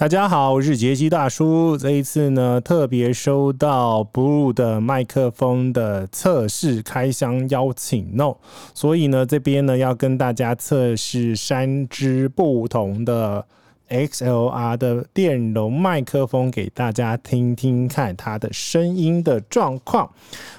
大家好，我是杰西大叔。這一次呢，特別收到 Blue 的麥克風的測試開箱邀請呢，所以呢，這邊呢要跟大家測試三支不同的 XLR 的電容麥克風給大家聽聽看它的聲音的狀況，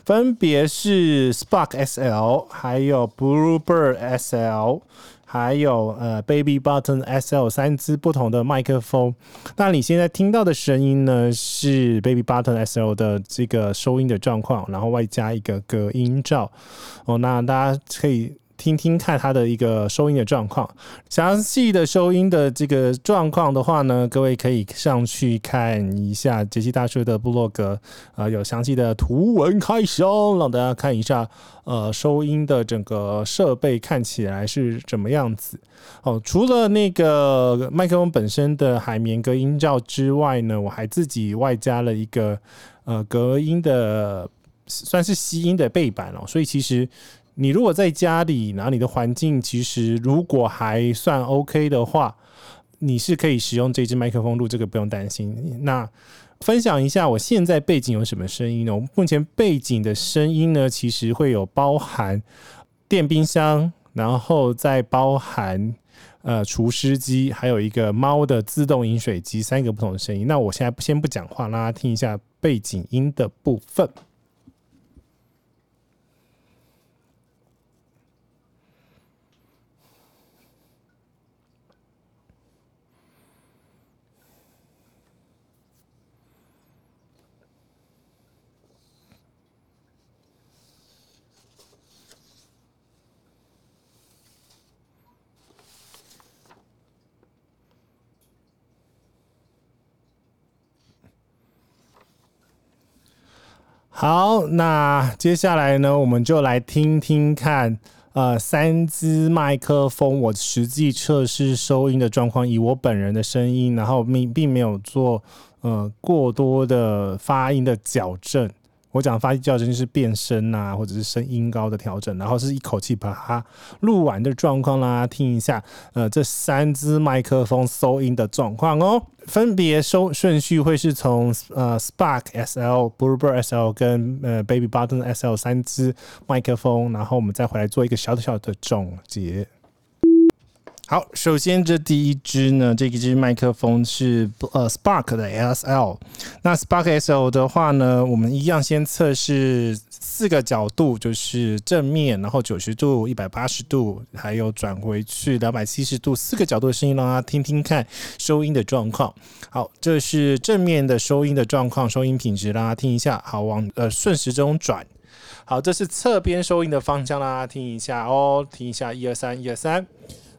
分別是 Spark SL，還有 Bluebird SL、還有呃 Baby Bottle SL 三支不同的麥克風。那你現在聽到的聲音呢，是 Baby Bottle SL 的這個收音的狀況，然後外加一個隔音罩。哦，那大家可以。聽聽看它的一個收音的狀況，詳細的收音的這個狀況的話呢，各位可以上去看一下傑西大叔的部落格啊、呃，有詳細的圖文開箱，讓大家看一下呃收音的整個設備看起來是怎麼樣子哦。除了那個麥克風本身的海綿隔音罩之外呢，我還自己外加了一個呃隔音的，算是吸音的背板哦。所以其實。你如果在家裡，哪裡的環境其實如果還算 OK 的話，你是可以使用這支麥克風錄這個，不用擔心。那分享一下我現在背景有什麼聲音呢？我們目前背景的聲音呢，其實會有包含電冰箱，然後再包含呃除濕機，還有一個貓的自動飲水機，三個不同的聲音。那我現在先不講話，讓大家聽一下背景音的部分。好，那接下來呢，我們就來聽聽看，呃，三支麥克風我實際測試收音的狀況，以我本人的聲音，然後並並沒有做呃過多的發音的矯正。我講發音校正就是變聲啊，或者是聲音高的調整，然後，是一口氣把它錄完的狀況啦，聽一下，呃，這三支麥克風收音的狀況哦，分別收順序會是從呃 Spark SL、Bluebird SL 跟呃 Baby Bottle SL 三支麥克風，然後我們再回來做一個小小的總結。好，首先這第一支呢，這一支麥克風是呃 Spark 的 SL。那 Spark SL 的話呢，我們一樣先測試四個角度，就是正面，然後九十度、一百八十度，還有轉回去兩百七十度，四個角度的聲音啦，聽聽看收音的狀況。好，這是正面的收音的狀況，收音品質啦，聽一下。好，往呃順時鐘轉。好，這是側邊收音的方向啦，聽一下哦，聽一下一二三，一二三。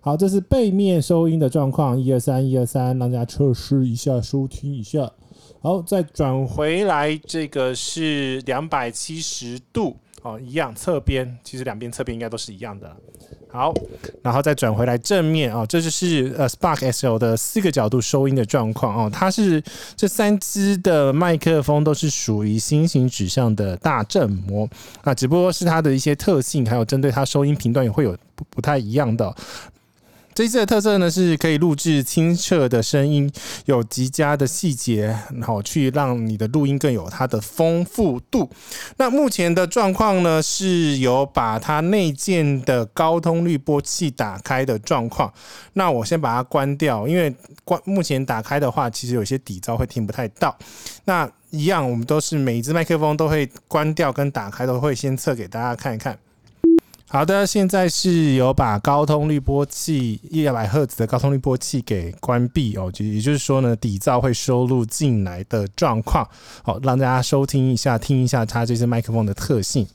好，這是背面收音的狀況，一二三，一二三，讓大家測試一下，收聽一下。好，再轉回，回來，這個是兩百七十度哦，一樣側邊，其實兩邊側邊應該都是一樣的。好，然後再轉回來正面啊、哦，這就是呃 Spark SL 的四個角度收音的狀況哦。它是這三支的麥克風都是屬於心形指向的大振膜，啊，只不過是它的一些特性，還有針對它收音頻段也會有不，不太一樣的、哦。這次的特色呢，是可以錄制清澈的聲音，有極佳的細節，然後去讓你的錄音更有它的豐富度。那目前的狀況呢，是有把它內建的高通濾波器打開的狀況。那我先把它關掉，因為關，目前打開的話，其實有些底噪會聽不太到。那一樣，我們都是每一只麥克風都會關掉跟打開，都會先測給大家看一看。好的，現在是有把高通濾波器一百赫茲的高通濾波器給關閉哦，就也就是說呢，底噪會收錄進來的狀況。好，讓大家收聽一下，聽一下它這些麥克風的特性。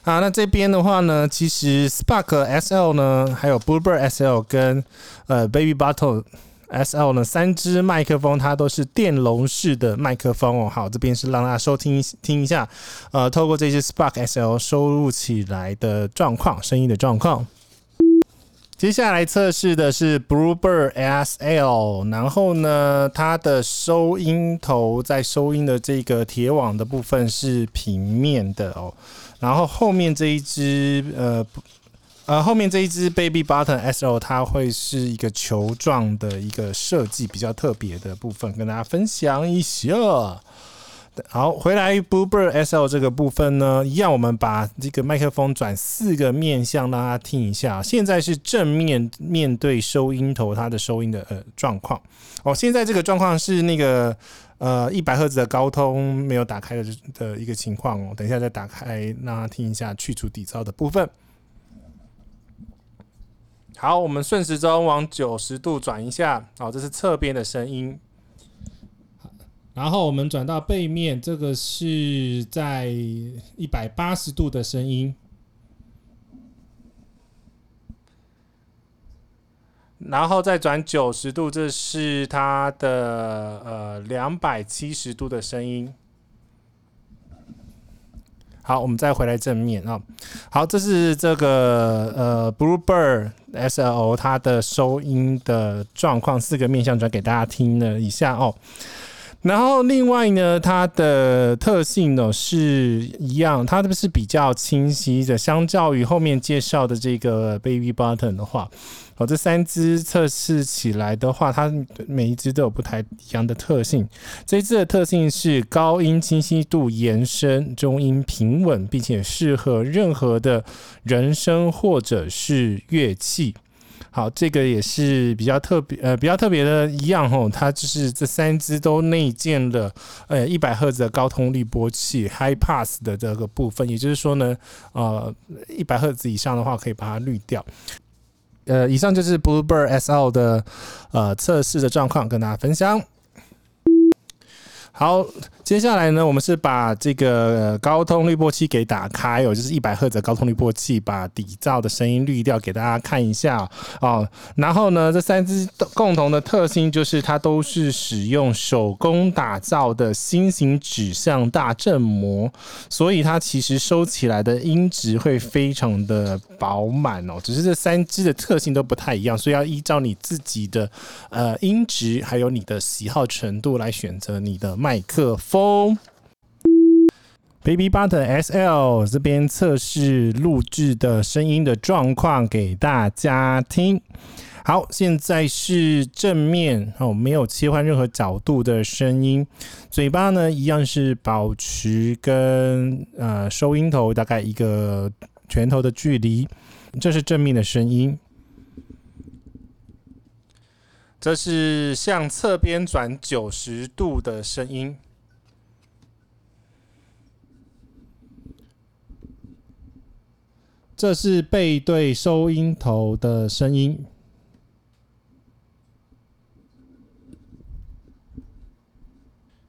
好、啊，那這邊的話呢，其實 Spark SL 呢，還有 Bluebird SL 跟呃 Baby Bottle。S L 呢，三支麥克風它都是電容式的麥克風哦。好，這邊是讓大家收聽一聽一下，呃，透過這些 Spark S L 收錄起來的狀況，聲音的狀況。嗯、接下來測試的是 Bluebird S L，然後呢，它的收音頭在收音的這個鐵網的部分是平面的哦，然後後面這一支呃。呃，後面這一隻 Baby Bottle SL 它會是一個球狀的一個設計，比較特別的部分，跟大家分享一下。好，回來 Bluebird SL 這個部分呢，一樣，我們把這個麥克風轉四個面向，讓大家聽一下。現在是正面面對收音頭，它的收音的呃狀況。哦，現在這個狀況是那個呃一百赫茲的高通沒有打開的的一個情況。哦，等一下再打開，讓大家聽一下去除底噪的部分。好，我們順時針往九十度轉一下，好、哦，這是側邊的聲音。然後我們轉到背面，這個是在一百八十度的聲音。然後再轉九十度，這是它的呃兩百七十度的聲音。好，我們再回來正面啊，哦。好，這是這個呃，Bluebird SL 它的收音的狀況，四個面向轉給大家聽了一下哦。然後另外呢，它的特性呢是一樣，它這個是比較清晰的，相較於後面介紹的這個 Baby Bottle 的話，我這三隻測試起來的話，它每一隻都有不太一樣的特性。這一隻的特性是高音清晰度延伸，中音平穩，並且適合任何的人聲或者是樂器。好，這個也是比較特別，呃，比較特別的一樣哦，它就是這三支都內建了，呃，一百赫茲的高通濾波器 （high pass） 的這個部分，也就是說呢，呃，一百赫茲以上的話可以把它濾掉。呃，以上就是 Bluebird SL 的呃測試的狀況，跟大家分享。好。接下來呢，我們是把這個高通濾波器給打開哦、喔，就是一百赫茲高通濾波器，把底噪的聲音濾掉，給大家看一下哦、喔喔，然後呢，這三支共同的特性就是它都是使用手工打造的新型指向大振膜，所以它其實收起來的音質會非常的飽滿哦。只是這三支的特性都不太一樣，所以要依照你自己的呃音質還有你的喜好程度來選擇你的麥克風。哦，Baby Bottle SL 這邊測試錄製的聲音的狀況給大家聽。好，現在是正面哦，沒有切換任何角度的聲音。嘴巴呢，一樣是保持跟呃收音頭大概一個拳頭的距離。這是正面的聲音，這是向側邊轉九十度的聲音。這是背對收音頭的聲音，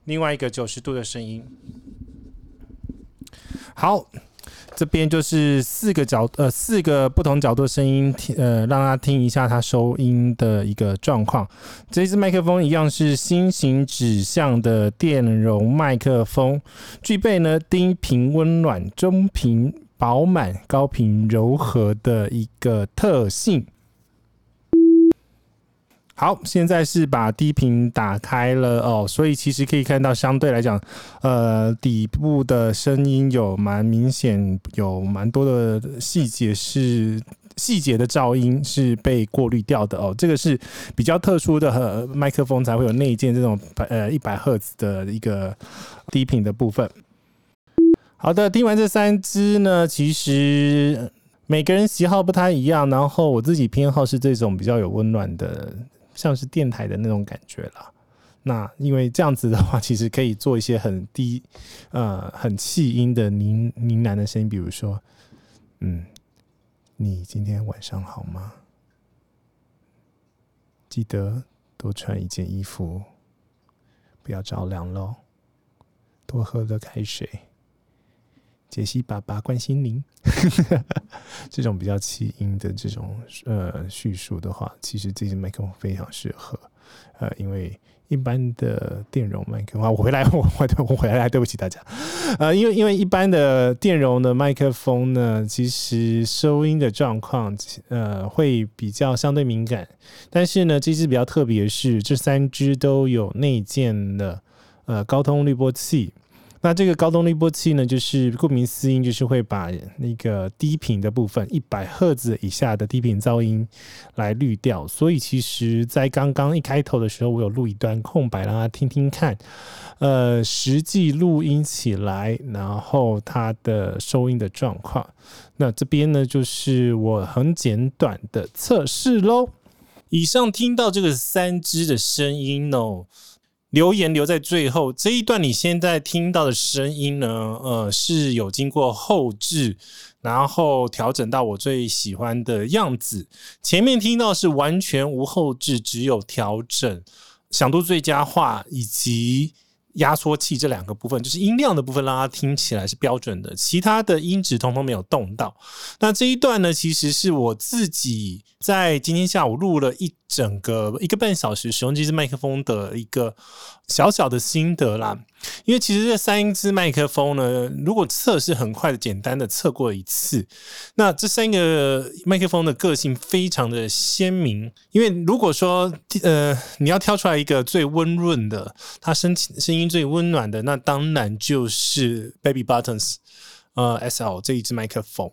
另外一個九十度的聲音。好，這邊就是四個角，呃，四個不同角度聲音，呃，讓大家聽一下它收音的一個狀況。這一支麥克風一樣是心形指向的電容麥克風，具備呢低頻溫暖中頻飽滿、高頻、柔和的一個特性。好，現在是把低頻打開了哦，所以其實可以看到，相對來講，呃，底部的聲音有蠻明顯，有蠻多的細節是細節的噪音是被過濾掉的哦。這個是比較特殊的呃、麥克風才會有內建這種呃一百赫茲的一個低頻的部分。好的，聽完這三支呢，其實每個人喜好不太一樣。然後我自己偏好是這種比較有溫暖的，像是電臺的那種感覺啦。那因為這樣子的話，其實可以做一些很低、呃很氣音的呢呢喃的聲音，比如說，嗯，你今天晚上好嗎？記得多穿一件衣服，不要着涼嘍。多喝熱開水。杰西爸爸關心您， 這種比較氣音的這種呃敘述的話，其實這支麥克風非常適合。呃，因為一般的電容麥克風、啊，我回來我我我回來對不起大家。呃，因為因為一般的電容的麥克風呢，其實收音的狀況呃會比較相對敏感，但是呢這支比較特別，是這三支都有內建的呃高通濾波器。那這個高通濾波器呢，就是顧名思義，就是會把那個低頻的部分，一百赫茲以下的低頻噪音來濾掉。所以其實，在剛剛一開頭的時候，我有錄一段空白，讓大家聽聽看。呃，實際錄音起來，然後它的收音的狀況。那這邊呢，就是我很簡短的測試嘍。以上聽到這個三支的聲音哦。留言，留在最後，這一段，你現在聽到的聲音呢，呃，是有經過後製，然後調整到我最喜歡的樣子。前面聽到是完全無後製，只有調整響度最佳化以及，壓縮器這兩個部分，就是音量的部分，讓它聽起來是標準的，其他的音質通通沒有動到。那這一段呢，其實是我自己在今天下午錄了一整個一個半小時，使用這支麥克風的一個小小的心得啦。因為其實這三支麥克風呢，如果測試很快的、簡單的測過一次，那這三個麥克風的個性非常的鮮明。因為如果說呃你要挑出來一個最溫潤的，它聲聲音最溫暖的，那當然就是 Baby Bottle 呃 SL 這一支麥克風。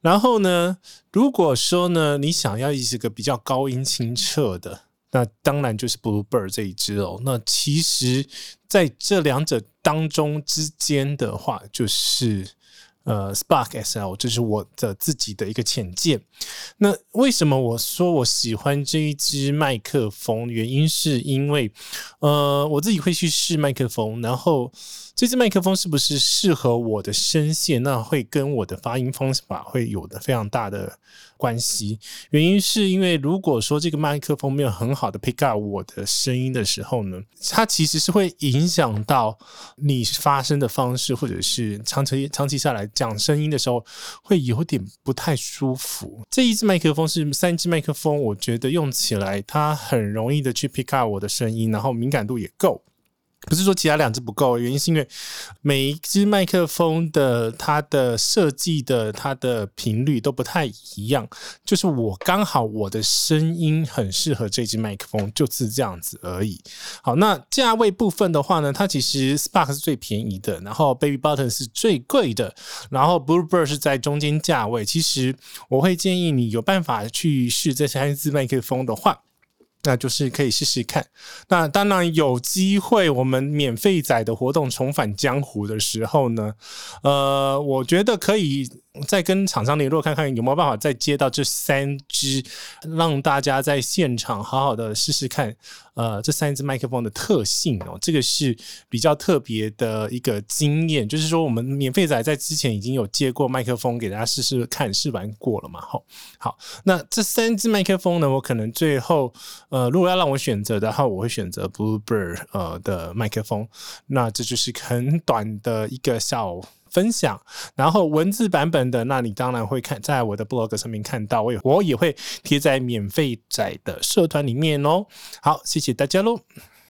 然後呢，如果說呢你想要一個比較高音清澈的。那當然就是 Bluebird 這一支哦。那其實在這兩者當中之間的話，就是呃 Spark SL，就是我的自己的一個淺見。那為什麼我說我喜歡這一支麥克風？原因是因為呃我自己會去試麥克風，然後。這支麥克風是不是適合我的聲線？那會跟我的發音方法會有的非常大的關係。原因是因為如果說這個麥克風沒有很好的 pick up 我的聲音的時候呢，它其實是會影響到你發聲的方式，或者是長期長期下來講聲音的時候會有點不太舒服。這一支麥克風是三支麥克風，我覺得用起來它很容易的去 pick up 我的聲音，然後敏感度也夠。不是說其他兩隻不夠，原因是因為每一隻麥克風的它的設計的它的頻率都不太一樣，就是我剛好我的聲音很適合這隻麥克風，就是這樣子而已。好，那價位部分的話呢，它其實 Spark 是最便宜的，然後 Baby Bottle 是最貴的，然後 Bluebird 是在中間價位。其實我會建議你有辦法去試這三支麥克風的話。那就是可以試試看。那當然有機會，我們免費載的活動重返江湖的時候呢，呃，我覺得可以。再跟廠商聯絡，看看有沒有辦法再接到這三支，讓大家在現場好好的試試看。呃，這三支麥克風的特性哦，這個是比較特別的一個經驗。就是說，我們免費仔在之前已經有接過麥克風給大家試試看，試完過了嘛。好，好，那這三支麥克風呢，我可能最後，呃，如果要讓我選擇的話，我會選擇 Bluebird 呃的麥克風。那這就是很短的一個小。分享，然後文字版本的，那你當然會看，在我的 blog 上面看到，我也我也會貼在免費載的社團裡面哦。好，謝謝大家嘍。